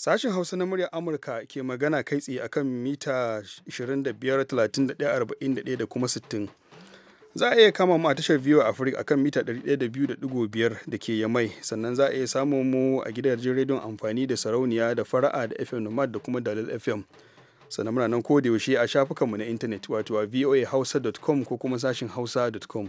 Sashen Hausa na muryar Amurka ke magana kai tsaye akan mita 25,31,41 da kuma 60. Za a iya kama mu a tashar VOA Afirka akan mita 102.5 da ke Yamai, sannan za a iya samun mu a gidajen rediyon amfani da sarauniya da fara'a da FM Nomad da kuma Dalil FM. Sannan muna nan yaushe a shafukanmu na intanet wato a voahausa.com ko kuma sashin hausa.com.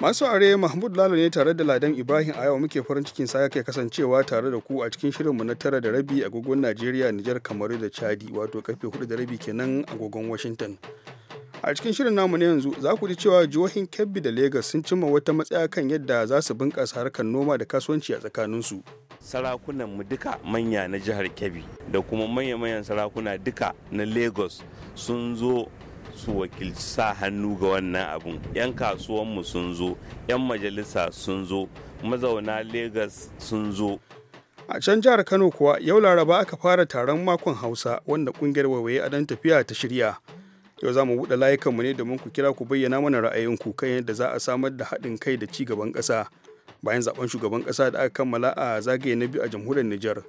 Masu are Mahmud Lalo ne tare da Ladan Ibrahim a yau muke farin cikin sa kai kasancewa tare da ku a cikin shirin mu na tara da rabi agogon Najeriya, Nijar, Kamaru da Chadi wato karfe hudu da rabi kenan agogon Washington. A cikin shirin namu na yanzu za ku ji cewa jihohin Kebbi da Legas sun cimma wata matsaya kan yadda za su bunƙasa harkar noma da kasuwanci a tsakaninsu. Sarakunan mu duka manya na jihar Kebbi da kuma manya-manyan sarakuna duka na Lagos sun zo su wakilci sa hannu ga wannan abun 'yan kasuwanmu sun zo 'yan majalisa sun zo mazauna Legas sun zo a can jihar kano kuwa yau laraba aka fara taron makon hausa wanda kungiyar waiwaye a dan tafiya ta shirya yau za mu buɗe layukanmu ne domin ku kira ku bayyana mana ra'ayinku kan yadda za a samar da haɗin kai da ci gaban ƙasa bayan zaben shugaban ƙasa da aka kammala a zagaye na biyu a jamhuriyar Nijar.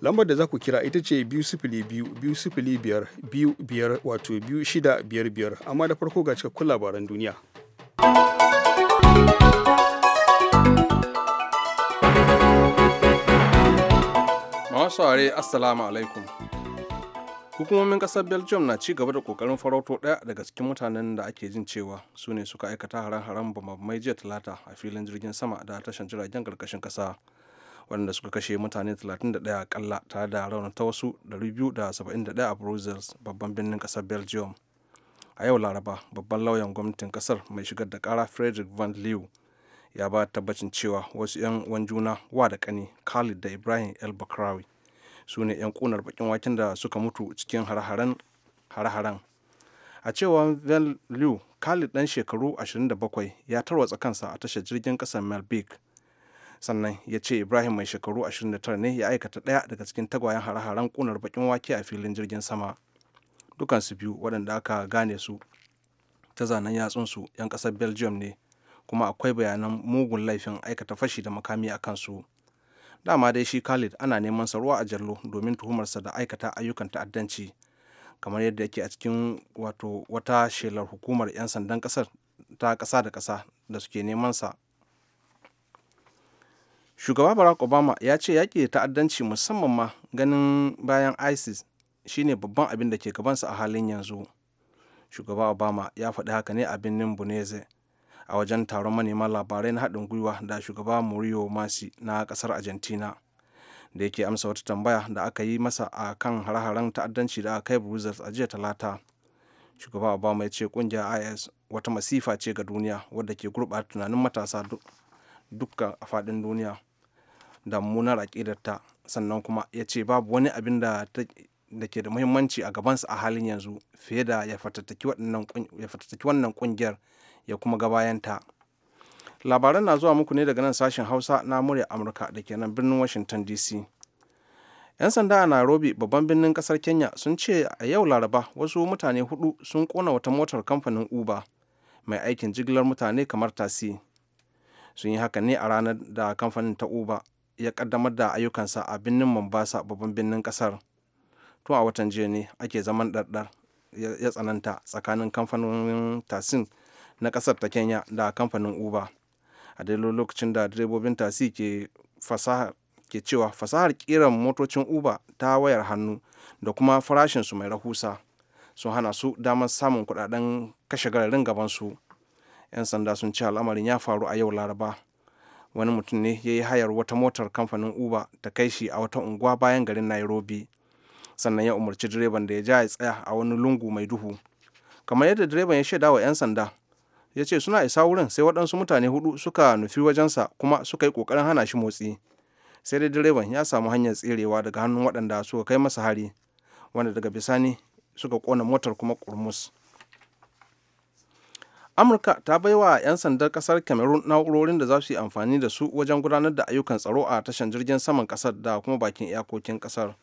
lambar da za ku kira ita ce biyu sifili biyu biyu sifili biyar biyu biyar wato biyu shida biyar biyar amma da farko ga cikakkun labaran duniya masu are assalamu alaikum hukumomin kasar belgium na ci gaba da kokarin farauto daya daga cikin mutanen da ake jin cewa su ne suka aikata haren-haren bamamai jiya talata a filin jirgin sama da tashan jiragen karkashin kasa waɗanda suka kashe mutane 31 kalla tare da rauni ta wasu 271 a brussels babban birnin ƙasar belgium a yau laraba babban lauyan gwamnatin ƙasar mai shigar da kara frederick van leeuw ya ba tabbacin cewa wasu 'yan uwan juna wa da kani khalid da ibrahim el bakrawi su ne 'yan kunar bakin waken da suka mutu cikin hare-haren a cewa van leeuw khalid dan shekaru 27 ya tarwatsa kansa a tashar jirgin ƙasar melbourne sannan ya ce ibrahim mai shekaru 29 ne ya aikata ɗaya daga cikin tagwayen hare-haren ƙunar bakin wake a filin jirgin sama dukansu biyu waɗanda aka gane su ta zanen yatsunsu 'yan ƙasar belgium ne kuma akwai bayanan mugun laifin aikata fashi da makami a kansu dama dai shi khalid ana neman sa ruwa a jallo domin tuhumarsa da aikata ayyukan ta'addanci kamar yadda yake a cikin wata shelar hukumar 'yan sandan ƙasar ta ƙasa da ƙasa da suke neman sa shugaba barack obama ya ce yaƙi da ta'addanci musamman ma ganin bayan isis shine babban abin da ke gabansa a halin yanzu shugaba obama ya faɗi haka ne a birnin buneze a wajen taron manema labarai na haɗin gwiwa da shugaba murio masi na ƙasar argentina da yake amsa wata tambaya da aka yi masa a kan hare ta'addanci da aka kai brussels a jiya talata shugaba obama ya ce ƙungiyar is wata masifa ce ga duniya wadda ke gurɓata tunanin matasa duka a faɗin duniya da mummunar aƙidarta sannan kuma ya ce babu wani abin da ke da muhimmanci a gabansa a halin yanzu fiye da ya fatattaki wannan kungiyar ya kuma gabayanta labaran na zuwa muku ne daga nan sashen hausa na murya amurka da ke nan birnin washington dc 'yan sanda a nairobi babban birnin kasar kenya sun ce a yau laraba wasu mutane hudu sun kona wata motar kamfanin uber mai aikin jigilar mutane kamar tasi sun yi haka ne a ranar da kamfanin ta uber ya kaddamar da ayyukansa a birnin mombasa babban birnin kasar tun a watan jiya ne ake zaman ɗarɗar ya tsananta tsakanin kamfanonin tasin na kasar ta kenya da kamfanin uba a daidai lokacin da direbobin tasi ke fasahar ke cewa fasahar kiran motocin uba ta wayar hannu da kuma farashin su mai rahusa sun hana su damar samun kudaden kashe gararin gabansu 'yan sanda sun ce al'amarin ya faru a yau laraba wani mutum ne ya yi hayar wata motar kamfanin uber ta kai shi a wata unguwa bayan garin nairobi sannan ya umarci direban da ya ja ya tsaya a wani lungu mai duhu kamar yadda direban ya shaida wa 'yan sanda ya ce suna isa wurin sai waɗansu mutane hudu suka nufi wajensa kuma suka yi ƙoƙarin hana shi motsi sai dai direban ya samu hanyar tserewa daga hannun waɗanda suka kai masa hari wanda daga bisani suka kona motar kuma kurmus. amurka ta baiwa wa 'yan sandar kasar cameroon na'urorin da za su yi amfani da su wajen gudanar da ayyukan tsaro a tashar jirgin saman kasar da kuma bakin iyakokin kasar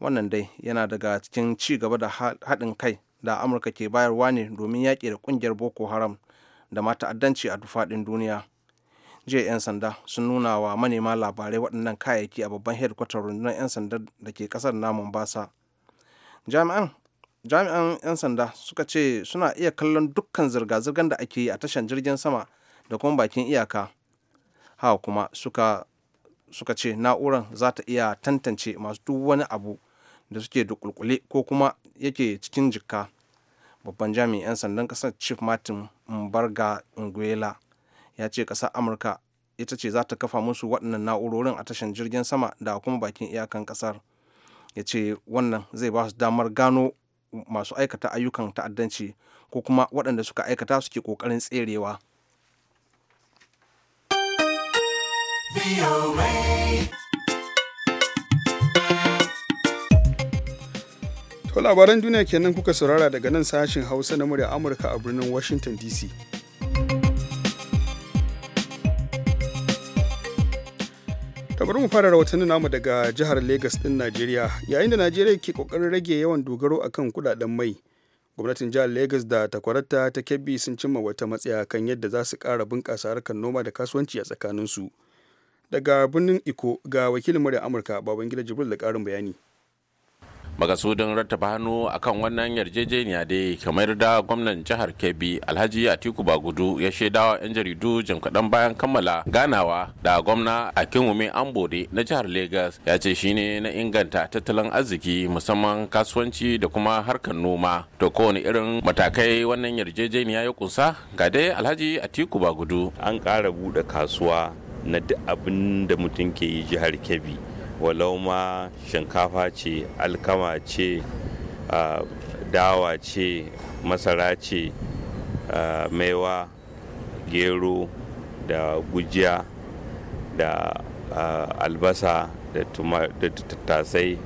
wannan dai yana daga cikin ci gaba da haɗin kai da amurka ke bayarwa ne domin yaƙi da ƙungiyar boko haram da ma ta'addanci a dufaɗin duniya jiya 'yan sanda sun nuna wa manema labarai waɗannan kayayyaki a babban hedkwatar rundunar 'yan sandar da ke ƙasar na mombasa jami'an jami'an 'yan sanda suka ce suna iya kallon dukkan zirga-zirgar da ake yi a tashar jirgin sama da kuma bakin iyaka ha kuma suka ce na'urar za ta iya tantance masu duk wani abu da suke da dukulkule ko kuma yake cikin jikka babban jami'in 'yan sandan kasar chief martin mbarga nguela ya ce kasar amurka ita ce za ta kafa musu waɗannan na'urorin a tashar jirgin sama da kuma bakin iyakan kasar ya ce wannan zai ba su damar gano masu aikata ayyukan ta'addanci ko kuma waɗanda suka aikata suke ƙoƙarin tserewa. To labaran duniya kenan kuka saurara daga nan sashen Hausa na murya Amurka a birnin Washington DC. kamar mu fara rahotannin namu daga jihar lagos din Najeriya yayin da Najeriya ke kokarin rage yawan dogaro akan kudaden mai gwamnatin jihar lagos da takwarata ta Kebbi sun cimma wata matsaya kan yadda za su ƙara bunƙasa harkar noma da kasuwanci a tsakaninsu daga birnin Iko ga wakilin murya Amurka Babangida Jibril da ƙarin bayani makasudin rattaba hannu akan wannan yarjejeniya dai kamar da gwamnan jihar kebbi alhaji atiku bagudu ya shaidawa 'yan jaridu jim kaɗan bayan kammala ganawa da gwamna akinwumi ambode na jihar Legas. ya ce shine na inganta tattalin arziki musamman kasuwanci da kuma harkar noma to kowane irin matakai wannan yarjejeniya ya kunsa ga dai alhaji atiku bagudu an ƙara buɗe kasuwa na duk abin da mutum ke yi jihar kebbi walau ma shinkafa ce alkama ce dawa ce masara ce maiwa gero da gujiya da albasa da tattasai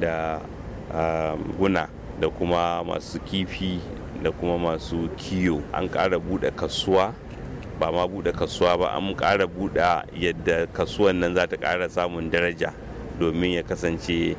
da guna da kuma masu kifi da kuma masu kiyo an ƙara buɗe kasuwa ba ma buɗe kasuwa ba an ƙara buɗe yadda kasuwan nan za ta ƙara samun daraja domin ya kasance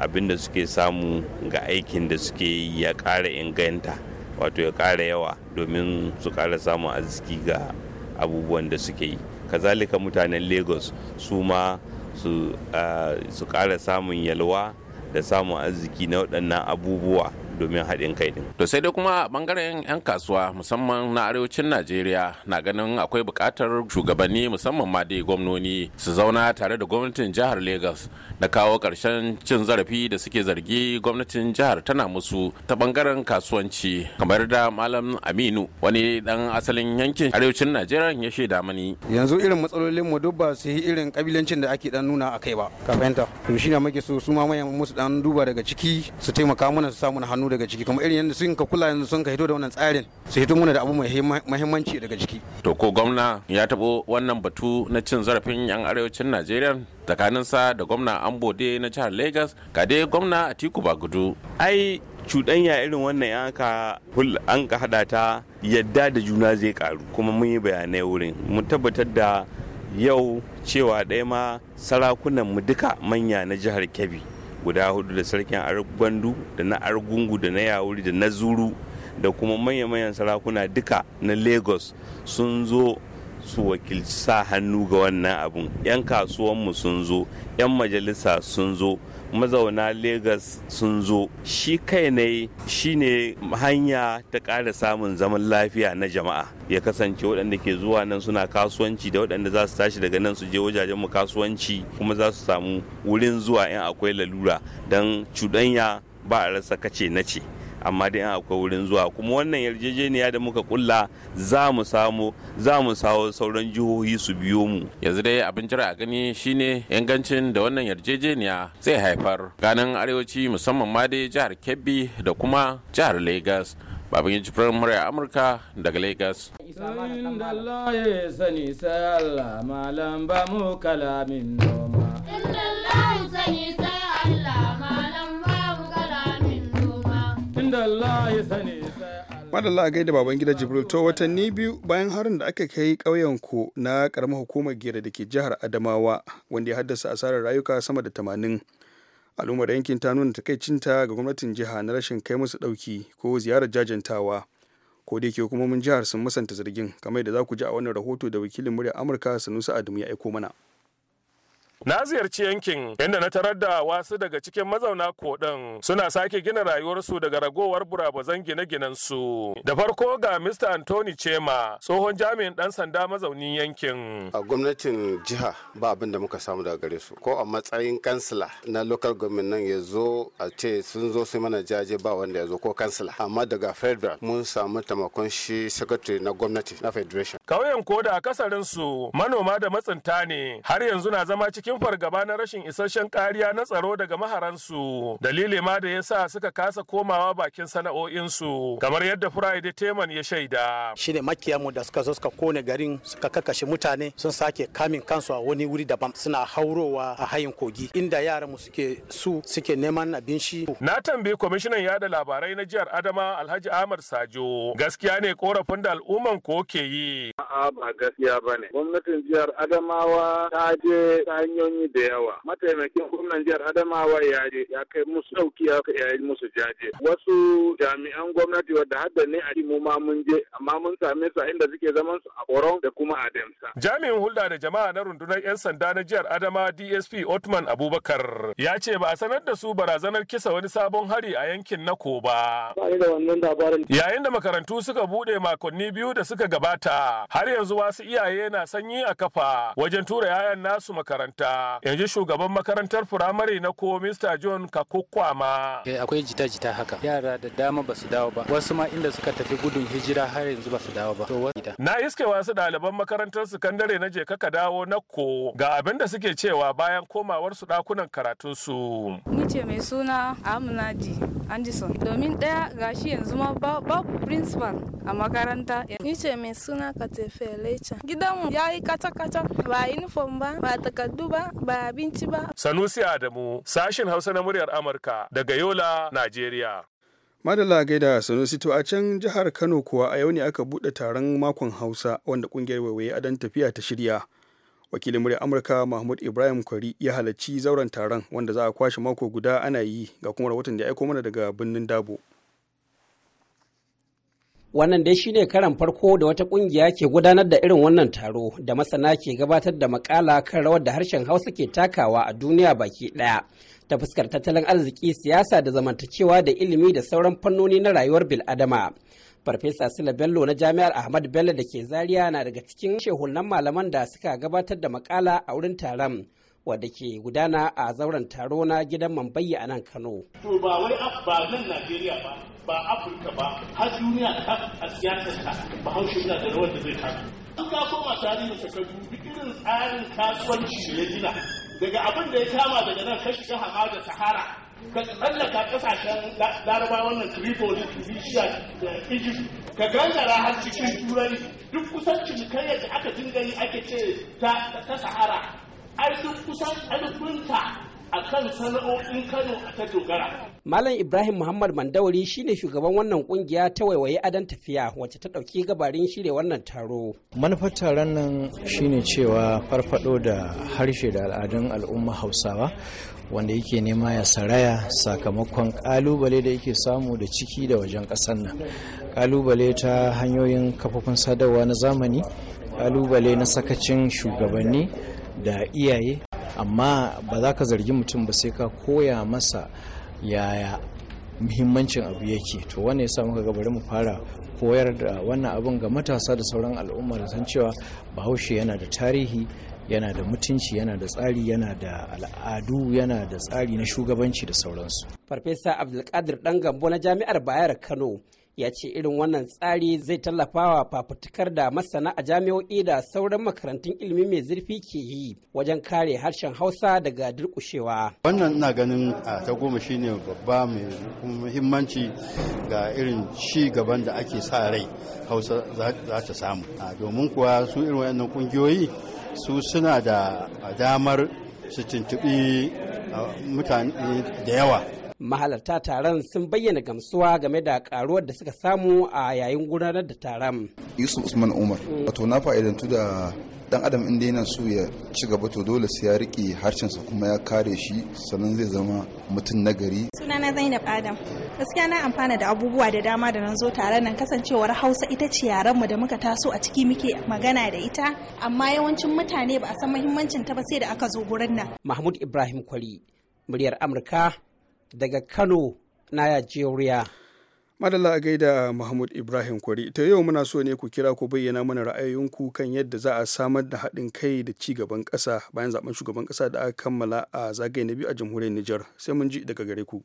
abin da suke samu ga aikin da suke ya ƙara inganta wato ya ƙara yawa domin su ƙara samu arziki ga abubuwan da suke yi kazalika mutanen lagos su ma su ah, ƙara samun yalwa da samun arziki na waɗannan abubuwa domin haɗin kai ɗin. To sai dai kuma bangaren 'yan kasuwa musamman na arewacin Najeriya na ganin akwai buƙatar shugabanni musamman ma dai gwamnoni su zauna tare da gwamnatin jihar Lagos na kawo ƙarshen cin zarafi da suke zargi gwamnatin jihar tana musu ta bangaren kasuwanci kamar da Malam Aminu wani dan asalin yankin arewacin Najeriya ya shaida mani. Yanzu irin matsalolin mu duk ba su yi irin kabilancin da ake dan nuna a kai ba. Ka fahimta? To ne muke so su ma musu dan duba daga ciki su taimaka mana su samu hannu daga ciki kuma irin yadda sun ka kula yanzu sun ka hito da wannan tsarin su hito muna da abu mai mahimmanci daga ciki to ko gwamna ya tabo wannan batu na cin zarafin yan arewacin najeriya tsakanin sa da gwamna ambode na jihar lagos ga dai gwamna atiku gudu. ai cuɗanya irin wannan an ka hada ta yadda da juna zai karu kuma mun yi bayanai wurin mu tabbatar da yau cewa ɗaya ma sarakunan mu duka manya na jihar kebbi guda hudu da sarkin argwandu da na argungu da na yawuri da na zuru da kuma manya-manyan sarakuna duka na lagos sun zo su wakilci sa hannu ga wannan abun 'yan kasuwanmu sun zo 'yan majalisa sun zo mazauna Legas sun zo shi kai ne shi ne hanya ta ƙara samun zaman lafiya na jama'a ya kasance waɗanda ke zuwa nan suna kasuwanci da waɗanda za su tashi daga nan su je wajajen mu kasuwanci kuma za su samu wurin zuwa in akwai lalura don cuɗanya ba a rasa kace na ce amma dai an akwai wurin zuwa kuma wannan yarjejeniya da muka kulla za mu samu za mu sawo sauran jihohi su biyo mu yanzu dai abin jira a gani shine ingancin da wannan yarjejeniya zai haifar ganin arewaci musamman ma dai jihar kebbi da kuma jihar lagos babin yanci firar murya amurka daga lagos kalamin noma. sani madalla a gaida baban gida jibril to watanni biyu bayan harin da aka kai ƙauyen ku na ƙaramar hukumar gera da ke jihar adamawa wanda ya haddasa asarar rayuka sama da tamanin al'ummar yankin ta nuna takaicinta ga gwamnatin jiha na rashin kai musu ɗauki ko ziyarar jajantawa ko da yake hukumomin jihar sun musanta zargin kamar da za ku ji a wannan rahoto da wakilin muryar amurka sanusi adamu ya aiko mana Na ziyarci yankin inda na tarar da wasu daga cikin mazauna koɗin suna sake gina rayuwarsu daga ragowar burabazan gine-ginen su. Da farko ga Mr. Anthony Chema, tsohon jami'in ɗan sanda mazaunin yankin. A gwamnatin jiha ba abin da muka samu daga gare su. Ko a matsayin kansila na local government nan ya zo a ce sun zo sai mana jaje ba wanda ya zo ko kansila. Amma daga federal mun samu taimakon shi secretary na gwamnati na federation. Kauyen Koda a akasarin su manoma da matsinta ne har yanzu na zama cikin cikin gaba na rashin isasshen kariya na tsaro daga maharansu dalili ma da yasa suka kasa komawa bakin sana'o'insu kamar yadda Friday Teman ya shaida shine makiyanmu da suka zo suka kone garin suka kakkashe mutane sun sake kamin kansu a wani wuri daban suna haurowa a hayin kogi inda yaran mu suke su suke neman abinci na tambayi kwamishinan yada labarai na jihar Adama Alhaji Ahmad Sajo gaskiya ne korafin da al'umman ko ke yi a'a ba gaskiya bane gwamnatin jihar Adamawa ta je ta hanyoyi da yawa mataimakin gwamnan jihar adamawa ya je ya kai musu dauki ya yi musu jaje wasu jami'an gwamnati wadda hadda ne a mu ma mun je amma mun same su a inda suke zaman su a koron da kuma a demsa jami'in hulɗa da jama'a na rundunar 'yan sanda na jihar adama dsp otman abubakar ya ce ba a sanar da su barazanar kisa wani sabon hari a yankin nako ba yayin da makarantu suka bude makonni biyu da suka gabata har yanzu wasu iyaye na sanyi a kafa wajen tura 'ya'yan nasu makaranta makaranta yanzu shugaban makarantar firamare na ko Mista john kakukwama eh, akwai jita-jita haka yara da dama ba su dawo ba wasu ma inda suka tafi gudun hijira har yanzu ba su dawo ba na iske wasu ɗaliban makarantar sakandare na je kaka dawo na ko ga abin da suke cewa bayan komawar su ɗakunan karatun su ni ce mai suna amnaji anderson domin ɗaya gashi yanzu ma babu principal a makaranta ni ce mai suna katefe lecha gidanmu ya yi kaca ba uniform ba ba takardu ba ba ba abinci ba sanusi adamu sashin hausa na muryar amurka daga yola najeriya madalla gaida sanusi to a can jihar kano kuwa a yau ne aka buɗe taron makon hausa wanda kungiyar waiwaye adan tafiya ta shirya wakilin muryar amurka mahmud ibrahim kwari ya halarci zauren taron wanda za a kwashe mako guda ana yi ga kuma rahoton da ya aiko mana daga birnin dabo Wannan dai shine karan farko da wata kungiya ke gudanar da irin wannan taro da masana ke gabatar da makala kan rawar da harshen Hausa ke takawa a duniya baki ɗaya ta fuskar tattalin arziki, siyasa da zamantakewa da ilimi da sauran fannoni na rayuwar bil'adama. Farfesa Sila Bello na Jami'ar Ahmad Bello da ke Zaria na daga cikin shehunan malaman da suka gabatar da makala a wurin taron. wadda ke gudana a zauren taro na gidan mambayi a nan kano to ba wai ba nan najeriya ba ba afirka ba har duniya ta a siyasar ta ba haushe na da rawar da zai taka an ka koma tarihin sakadu irin tsarin kasuwanci da ya gina daga abin da ya kama daga nan kashi ta hama da sahara ka tsallaka kasashen laraba wannan tripoli tunisia da egypt ka gangara har cikin turai duk kusan cinikayyar da aka dinga yi ake ce ta sahara kusan a kan sana'o'in Kano ta dogara. Malam Ibrahim Muhammad Mandauri shine shugaban wannan kungiya ta waiwaye adon tafiya wacce ta ɗauki gabarin shirya wannan taro. Manufar taron nan shine cewa farfado da harshe da al'adun al'umma Hausawa wanda yake nema ya saraya sakamakon kalubale da yake samu da ciki da wajen ƙasar nan. Kalubale ta hanyoyin kafofin sadarwa na zamani, kalubale na sakacin shugabanni, da iyaye amma ba za ka zargi mutum ba sai ka koya masa yaya muhimmancin abu yake to wannan yasa muka ga bari mu fara koyar da wannan abin ga matasa da sauran al'umma da san cewa bahaushe yana da tarihi yana da mutunci yana da tsari yana da al'adu yana da tsari na shugabanci da sauransu farfesa abdulkadir dan gambo na jami'ar bayar kano ya ce irin wannan tsari zai tallafawa fafutukar da masana a jami'o'i da sauran makarantun ilimi mai zurfi ke yi wajen kare harshen hausa daga durkushewa wannan ina ganin a ta goma shine babba mai muhimmanci ga irin ci gaban da ake sa rai hausa za ta samu domin kuwa su irin wayannan kungiyoyi su suna da damar su tuntuɓi mutane da yawa mahalarta taron sun bayyana gamsuwa game da karuwar da suka samu a yayin gudanar da taron yusuf usman umar wato na fa'idantu da dan adam inda yana so ya ci gaba to dole sai ya riƙe harshensa kuma ya kare shi sannan zai zama mutum nagari sunana zainab adam gaskiya na amfana da abubuwa da dama da nan zo tare nan kasancewar hausa ita ce yarenmu da muka taso a ciki muke magana da ita amma yawancin mutane ba a san muhimmancin ta ba sai da aka zo gurin nan mahmud ibrahim kwari muryar amurka daga Kano, Nigeria. Madalla a gaida Mahmud Ibrahim Kwari, ta yau muna so ne ku kira ku bayyana mana ra'ayoyinku kan yadda za a samar da haɗin kai da ci gaban ƙasa bayan zaɓen shugaban ƙasa da aka kammala a zagaye na biyu a jamhuriyar Nijar. Sai mun ji daga gare ku.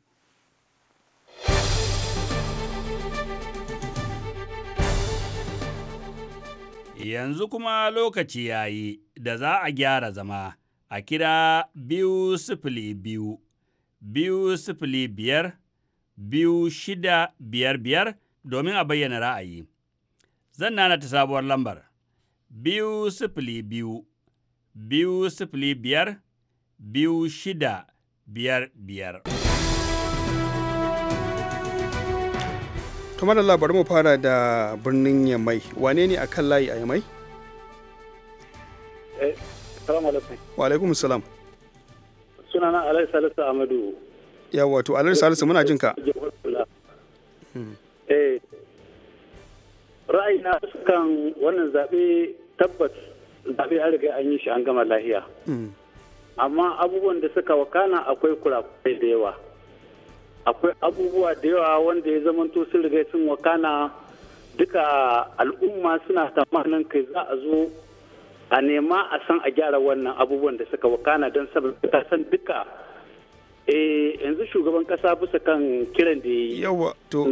Yanzu kuma lokaci ya yi da za a gyara zama a kira biyu sifili biyu. biyu sifili biyar biyu shida biyar biyar domin a bayyana ra'ayi. Zan nana ta sabuwar lambar biyu sifili biyu biyu sifili biyar biyu shida biyar biyar. Tumar da bari mu fara da birnin Yamai, wane ne a kan layi a Yamai? Eh, salamu alaikum. Wa alaikum salam. sunana Alhaji Salisu Amadu. Yawa to Alhaji Salisu muna jin ka. Ra'ayi eh, ra'ayina kan wannan zaɓe tabbas zaɓe an riga an yi shi an gama lahiya. Hmm. Amma abubuwan da suka wakana akwai kurakurai da yawa. Akwai abubuwa da yawa wanda ya zama to sun riga sun wakana duka al'umma suna tamanin kai za a zo a nema a san a gyara wannan abubuwan da suka wakana don saboda ta san duka eh yanzu shugaban kasa bisa kan kiran da yawa to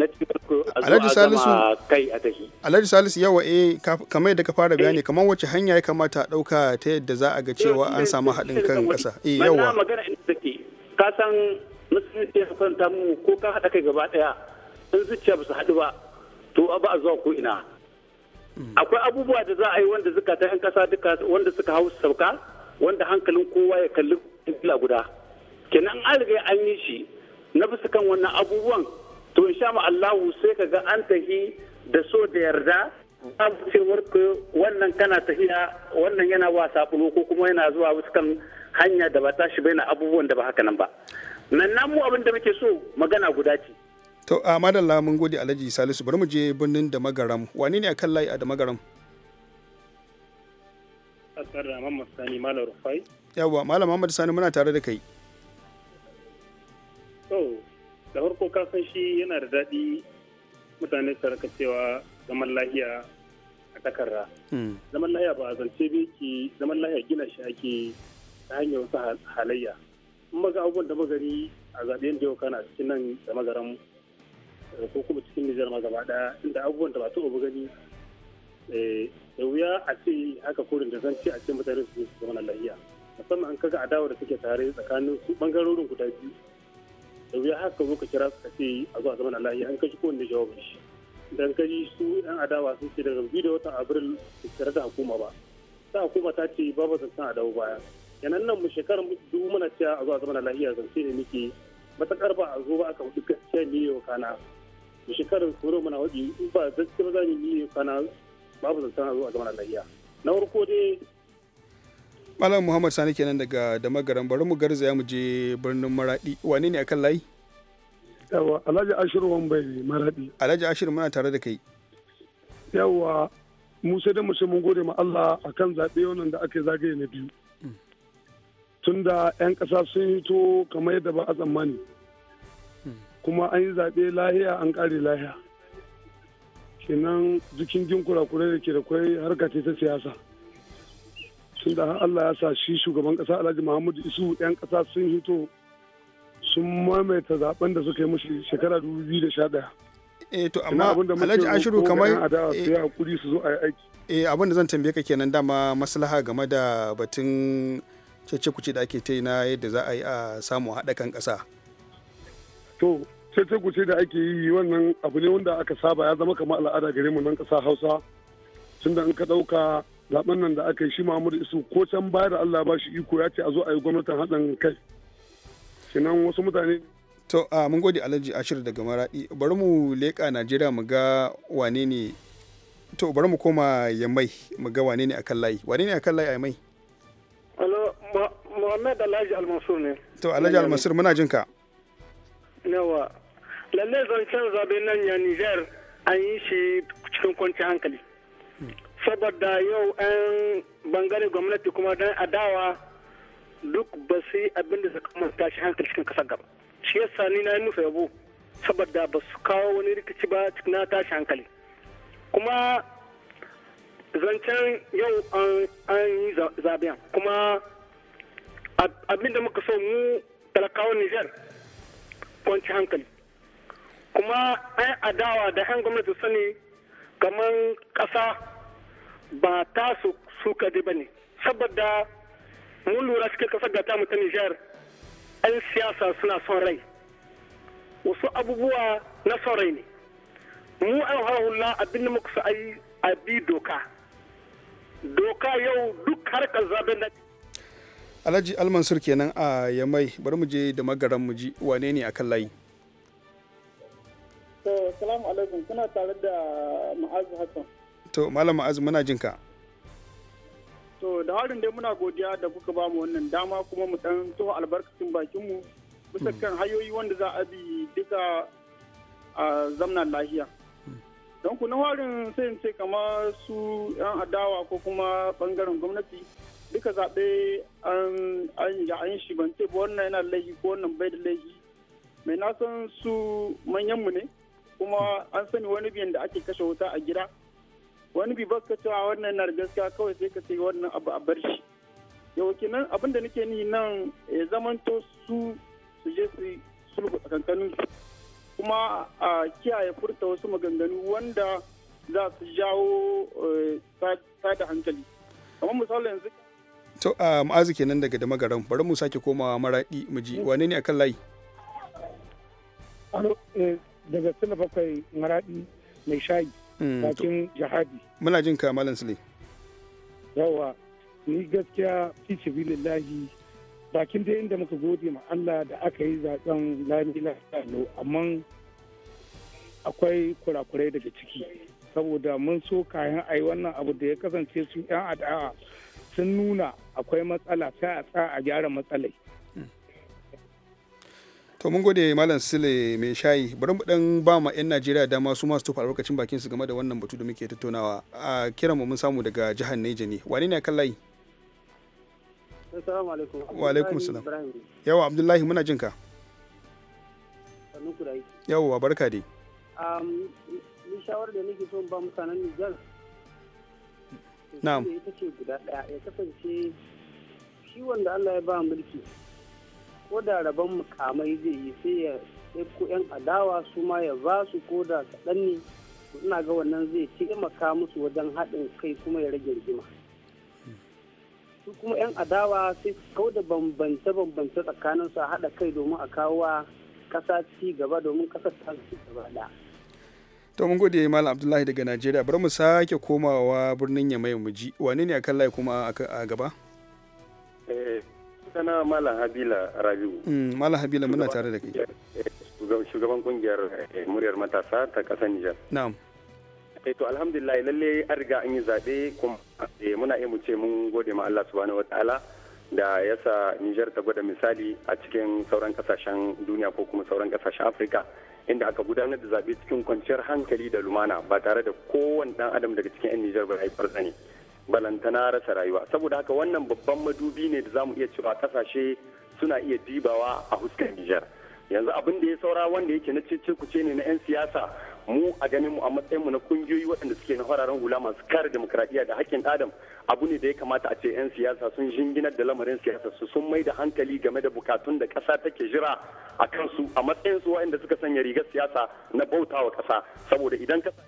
alhaji salisu kai a tafi alhaji salisu yawa eh kamar yadda ka fara bayani kamar wacce hanya ya kamata a dauka ta yadda za a ga cewa an samu haɗin kan kasa eh yawa magana inda take ka san musulunci ya ta mu ko ka haɗa kai gaba ɗaya in zuciya ba su haɗu ba to a ba a zuwa ko ina akwai abubuwa da za a yi wanda suka ta yan kasa duka wanda suka hau sauka wanda hankalin kowa ya kalli kila guda kenan an riga an yi shi na bisa kan wannan abubuwan to in sha Allahu sai ka ga an tahi da so da yarda babu cewar wannan kana tahiya wannan yana wa sabulu ko kuma yana zuwa bisa kan hanya da ba ta shi bai na abubuwan da ba haka nan ba nan namu abin da muke so magana guda ce To a madalla mun gode Alhaji Salisu bari mu je birnin da magaram wani ne akan layi a da magaram? Asar da mamman Sani Malam Rufai. Yawwa Malam Muhammad Sani muna tare da kai. To da farko ka san shi yana da daɗi mutane su raka cewa zaman lahiya a takarra. Hmm. Zaman lahiya ba a zance bai ki zaman lahiya gina shi ake ta hanyar wasu halayya. Mun ga abubuwan da magari a zaɓen da yau kana cikin nan da magaran Eh, ko kuma cikin nijar ma gaba daya inda abubuwan da ba taɓa gani eh, da wuya a ce haka kurin da zan ce a ce mutane su su zama lafiya musamman an kaga adawa da suke tare tsakanin su bangarorin guda biyu da wuya haka zo ka kira su ka ce a zuwa zama lafiya an kashi kowanne jawabin shi dan kaji su yan adawa sun ce daga biyu da watan abril su tare da hukuma ba ta hukuma ta ce babu zancen adawa baya yanan nan mu shekarar dubu muna cewa a zuwa zama lafiya zance ne muke matakar ba a zo ba aka hudu gaskiya ne yau kana shekarar koro mana waje ba gaskiya za mu yi kana babu zantan a zo a gama lafiya na farko dai Malam Muhammad Sani kenan daga Damagaran bari mu garzaya mu je birnin Maradi wane ne akan layi Yawa Alhaji Ashiru Wambai Maradi Alhaji Ashiru muna tare da kai Yawa mu sai dai mu mun gode ma Allah akan zaɓe wannan da aka zagaye na biyu mm. tunda 'yan ƙasa sun hito kamar yadda ba a tsammani kuma an yi zaɓe lahiya an ƙare lahiya kenan jikin jin kurakurai da ke da kwai harka ta siyasa tun da Allah ya sa shi shugaban ƙasa alhaji muhammadu isu 'yan ƙasa sun hito sun maimaita zaben da suka yi mushi shekara 2011 eh to amma alhaji ashiru kamar eh hakuri su zo a aiki eh abin da zan tambaye ka kenan dama maslaha game da batun cece kuce da ake ta na yadda za a yi a samu haɗa kan ƙasa to sai ta guce da ake yi wannan abu ne wanda aka saba ya zama kamar al'ada gare mu nan ƙasa hausa tunda in ka ɗauka zaben nan da aka yi shi Muhammadu Isu ko can baya da Allah ba shi iko ya ce a zo a yi gwamnatin haɗin kai. Kinan wasu mutane. To a mun gode Alhaji Ashir daga maraɗi bari mu leƙa Najeriya mu ga wane ne to bari mu koma mai mu ga wane ne akan layi wane ne akan layi a mai Alo Muhammad Alhaji almasur ne. To Alhaji almasur muna jin ka. Yawa lalle zancen zabe nan ya Nijar an yi shi cikin kwanci hankali. Saboda yau 'yan bangare gwamnati kuma don adawa duk ba su yi abin da suka manta shi hankali cikin kasar gaba. Shi yasa ni na yi nufa yabo saboda ba su kawo wani rikici ba cikin na tashi hankali. Kuma zancen yau an yi zaben kuma abin da muka so mu talakawan Nijar kwanci hankali. kuma ai adawa da 'yan gwamnati sani kamar kasa ba ta su su ba ne saboda mun lura cikin kasar da ta mutane nijar 'yan siyasa suna son rai wasu abubuwa na son rai ne mu an hula abin da muka a bi doka doka yau duk harkar zaben da alhaji almansur kenan a yamai bari mu je da magaran mu ji wane ne akan layi To, salamu alaikum, kuna tare da Hassan. To, Malam ma'az muna jin ka. To, da harin dai muna godiya da kuka ba mu wannan dama kuma mu ɗan tofa albarkacin bakinmu bisa hmm. kan hayoyi wanda za a bi duka a zamnan lahiya. Hmm. Don ku na harin sai ce kamar su 'yan adawa ko kuma bangaren gwamnati duka zaɓe an yi shi ban ce ba wannan yana laifi ko wannan bai da laifi mai na san su mu ne kuma an sani wani biyan da ake kashe wuta a gida wani bi baka cewa wannan na gaskiya kawai sai ka sai wannan abu a bar shi yau kenan abin da nake ni nan ya zamanto su su je su sulhu tsakankanin kuma a kiyaye furta wasu maganganu wanda za su jawo sada eh, hankali kamar misali yanzu to a ma'azu kenan daga da magaran bari mu sake komawa maraɗi mu ji wane ne akan layi eh, daga sula bakwai maraɗi mai shayi mm, bakin jihadi muna jin ka malam sule Yawwa, ni gaskiya fi lillahi bakin da inda muka gode ma Allah da aka yi zaɓen lami lafiya amma akwai kurakurai daga ciki saboda mun so kayan ayi wannan abu da ya kasance su yan ada'a sun nuna akwai matsala ta a tsaya a gyara matsalai to mun gode malam sule mai shayi bari mu dan ba ma yan najeriya dama su masu tufa albarkacin bakin su game da wannan batu da muke tattaunawa a kiran mu mun samu daga jihar neja ne wani ne kan layi wa alaikum salam yawa abdullahi muna jinka. ka yawa barka dai shawar da nake so ba mutanen Niger Na'am. Ita ce guda daya ya kasance shi wanda Allah ya ba mulki ko da rabon mukamai zai yi sai ya ko 'yan adawa su ma ya ba su ko da kaɗan ne ina ga wannan zai taimaka musu wajen haɗin kai kuma ya rage rigima su kuma 'yan adawa sai kau da bambance-bambance tsakanin su a haɗa kai domin a kawo wa ƙasa ci gaba domin ƙasar ta ci gaba da to mun gode malam abdullahi daga najeriya bari mu sake komawa birnin yamai mu ji wane ne akan layi kuma a gaba eh, sana Malam Habila Rabiu. Mm, Malam Habila muna tare da kai. Eh, shugaban kungiyar eh, muryar matasa ta ƙasar Nijar. Na'am. Eh to alhamdulillah lalle an riga an yi zaɓe kuma eh, muna iya mu ce mun gode ma Allah subhanahu wataala da yasa Nijar ta gwada misali a cikin sauran kasashen duniya ko kuma sauran kasashen Afirka inda aka gudanar da zaɓe cikin kwanciyar hankali da lumana ba tare da kowane dan adam daga cikin 'yan Nijar ba ya yi ne. balantana rasa rayuwa saboda haka wannan babban madubi ne da zamu iya cewa kasashe suna iya dibawa a huskar nijar yanzu abin da ya saura wanda yake na cece ne na 'yan siyasa mu a ganin mu a matsayin mu na kungiyoyi waɗanda suke na fararen hula masu kare demokradiyya da haƙƙin adam abu ne da ya kamata a ce 'yan siyasa sun jinginar da lamarin siyasa su sun mai da hankali game da bukatun da ƙasa take jira a kansu a matsayin su waɗanda suka sanya rigar siyasa na bautawa ƙasa saboda idan ƙasa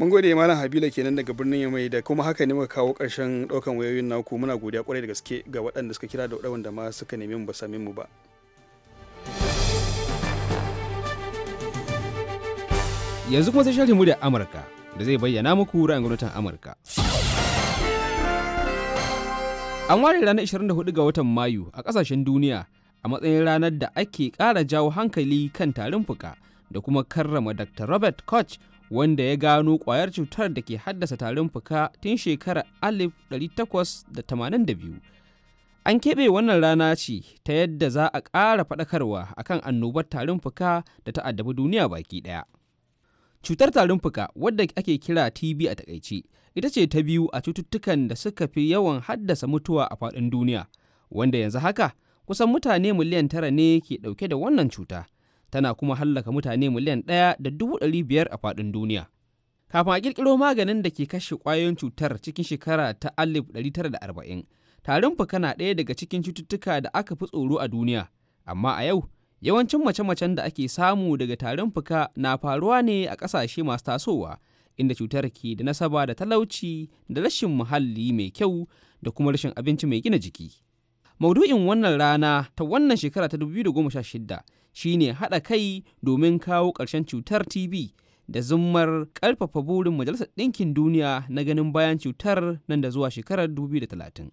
mun gode malam habila kenan daga birnin yamai da kuma haka ne muka kawo karshen ɗaukan wayoyin naku muna godiya kwarai da gaske ga waɗanda suka kira da waɗanda ma suka nemi mu ba same mu ba yanzu kuma sai shirin mu da amurka da zai bayyana muku ra'ayin gwamnatin amurka an ware ranar 24 ga watan mayu a kasashen duniya a matsayin ranar da ake kara jawo hankali kan tarin fuka da kuma karrama dr robert koch wanda ya gano kwayar cutar da ke haddasa tarin fuka tun shekarar 1882 an keɓe wannan rana ce ta yadda za a ƙara faɗakarwa akan annobar tarin fuka da ta addabi duniya baki ɗaya cutar tarin fuka wadda ake kira tb a takaice ita ce ta biyu a cututtukan da suka fi yawan haddasa mutuwa a faɗin duniya wanda yanzu haka kusan mutane miliyan tara ne ke ɗauke da wannan cuta tana kuma hallaka mutane miliyan ɗaya da dubu ɗari biyar a faɗin duniya. Kafin a ƙirƙiro maganin da ke kashe ƙwayoyin cutar cikin shekara ta alif ɗari tara da arba'in, tarin fuka na ɗaya daga cikin cututtuka da aka fi tsoro a duniya, amma a yau yawancin mace-macen da ake samu daga tarin fuka na faruwa ne a ƙasashe masu tasowa, inda cutar ke da nasaba da talauci da rashin muhalli mai kyau da kuma rashin abinci mai gina jiki. Maudu'in wannan rana ta wannan shekara ta 2016 shine haɗa kai domin kawo ƙarshen cutar TB da zummar ƙarfafa burin Majalisar Ɗinkin Duniya na ganin bayan cutar nan da zuwa shekarar 2030.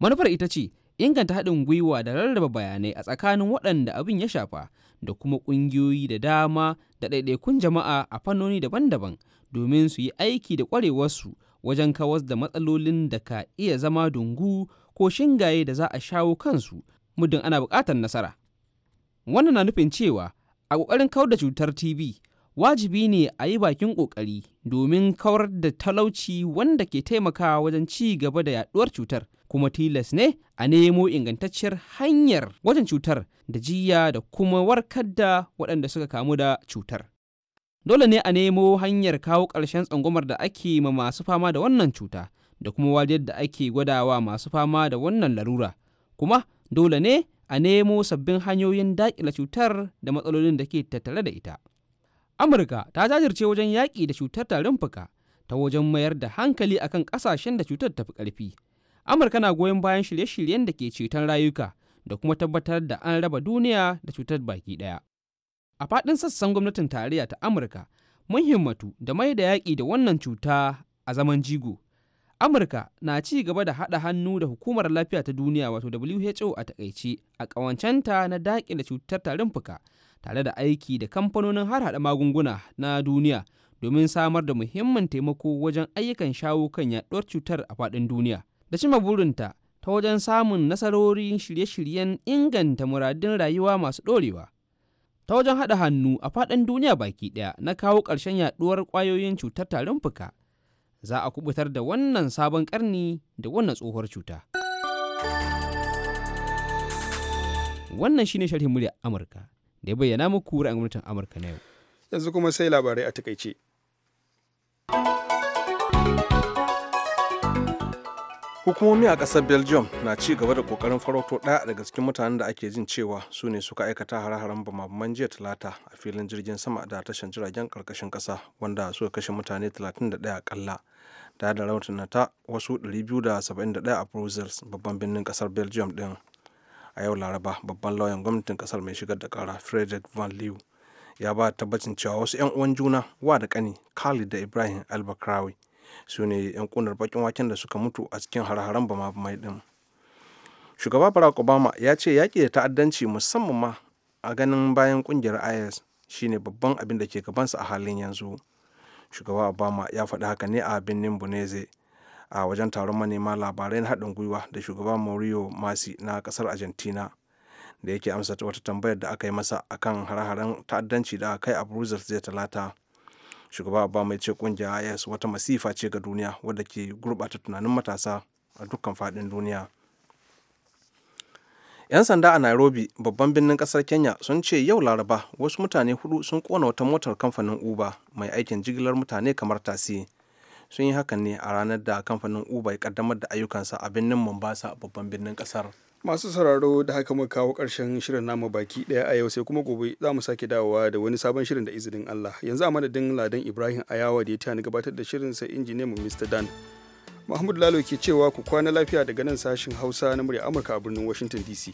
Manufar ita ce inganta haɗin gwiwa da rarraba bayanai a tsakanin waɗanda abin ya shafa da kuma ƙungiyoyi da dama da ɗaiɗaikun jama'a a fannoni daban-daban domin su yi aiki da ƙwarewarsu wajen kawas da matsalolin da ka iya zama dungu ko shingaye da za a shawo kansu muddin ana buƙatar nasara. wannan na nufin cewa a ƙoƙarin kawar da cutar tb wajibi ne a yi bakin ƙoƙari domin kawar da talauci wanda ke taimakawa wajen ci gaba da yaɗuwar cutar kuma tilas ne a nemo ingantacciyar hanyar wajen cutar da jiya da kuma warkar da waɗanda suka kamu da cutar dole ne a nemo hanyar kawo ƙarshen tsangwamar da ake ma masu fama da wannan cuta da kuma wajen da ake gwadawa masu fama da wannan larura kuma dole ne a nemo sabbin hanyoyin daƙila cutar da matsalolin da ke tattare da ita. Amurka ta jajirce wajen yaƙi da cutar tarin fuka ta wajen mayar da hankali akan ƙasashen da cutar tafi ƙarfi. Amurka na goyon bayan shirye-shiryen da ke ceton rayuka da kuma tabbatar da an raba duniya da cutar baki ɗaya. A faɗin sassan gwamnatin tarayya ta Amurka, mun himmatu da mai da yaƙi da wannan cuta a zaman jigo Amurka na ci gaba da haɗa hannu da Hukumar Lafiya ta Duniya wato WHO a takaice a ƙawancenta na daƙin da cutar tarin fuka tare da aiki da kamfanonin har haɗa magunguna na duniya domin samar da muhimmin taimako wajen ayyukan shawo kan yaɗuwar cutar a faɗin duniya. Da cima burinta ta wajen samun nasarorin shirye-shiryen inganta muradin rayuwa masu ɗorewa. Ta wajen haɗa hannu a faɗin duniya baki ɗaya na kawo ƙarshen yaɗuwar ƙwayoyin cutar tarin fuka. za a kubutar da wannan sabon karni da wannan tsohuwar cuta. Wannan shine sharhin murya Amurka da ya bayyana muku ra'ayin gwamnatin Amurka na yau. Yanzu kuma sai labarai a takaice. Hukumomi a ƙasar Belgium na ci gaba da ƙoƙarin farauto ɗaya daga cikin mutanen da ake jin cewa su ne suka aikata hare-haren bamaman jiya talata a filin jirgin sama da tashan jiragen ƙarƙashin ƙasa wanda suka kashe mutane 31 ƙalla. tare da ta wasu 271 a brussels babban birnin kasar belgium din a yau laraba babban lauyan gwamnatin kasar mai shigar da kara frederick van leeuw ya ba tabbacin cewa wasu 'yan uwan juna wa da kani khalid da ibrahim albakrawi su ne 'yan kunar bakin waken da suka mutu a cikin har-haren bama mai din shugaba barack obama ya ce yaƙi da ta'addanci musamman ma a ganin bayan kungiyar is shine babban abin da ke gabansa a halin yanzu shugaba obama ya faɗi haka ne a birnin buneze a wajen taron manema labarai na haɗin gwiwa da shugaba morio masi na ƙasar argentina da yake amsa wata tambayar da aka yi masa akan hare-haren ta'addanci da kai a brussels zai talata shugaba obama ya ce kungiyar is wata masifa ce ga duniya wadda ke gurɓata tunanin matasa a dukkan faɗin duniya 'Yan sanda a Nairobi, babban birnin kasar Kenya, sun ce yau Laraba wasu mutane hudu sun kona wata motar kamfanin Uber mai aikin jigilar mutane kamar tasi. Sun yi hakan ne a ranar da kamfanin Uber ya kaddamar da ayyukansa a birnin Mombasa, babban birnin kasar. Masu sauraro da haka muka kawo ƙarshen shirin namu baki ɗaya a yau sai kuma gobe za mu sake dawowa da wani sabon shirin da izinin Allah. Yanzu a madadin Ladan Ibrahim Ayawa da ya tani gabatar da shirin sai injiniyan mu Mr. Dan. Mahmud Lalo ke cewa ku kwana lafiya daga nan sashin Hausa na murya Amurka a birnin Washington DC.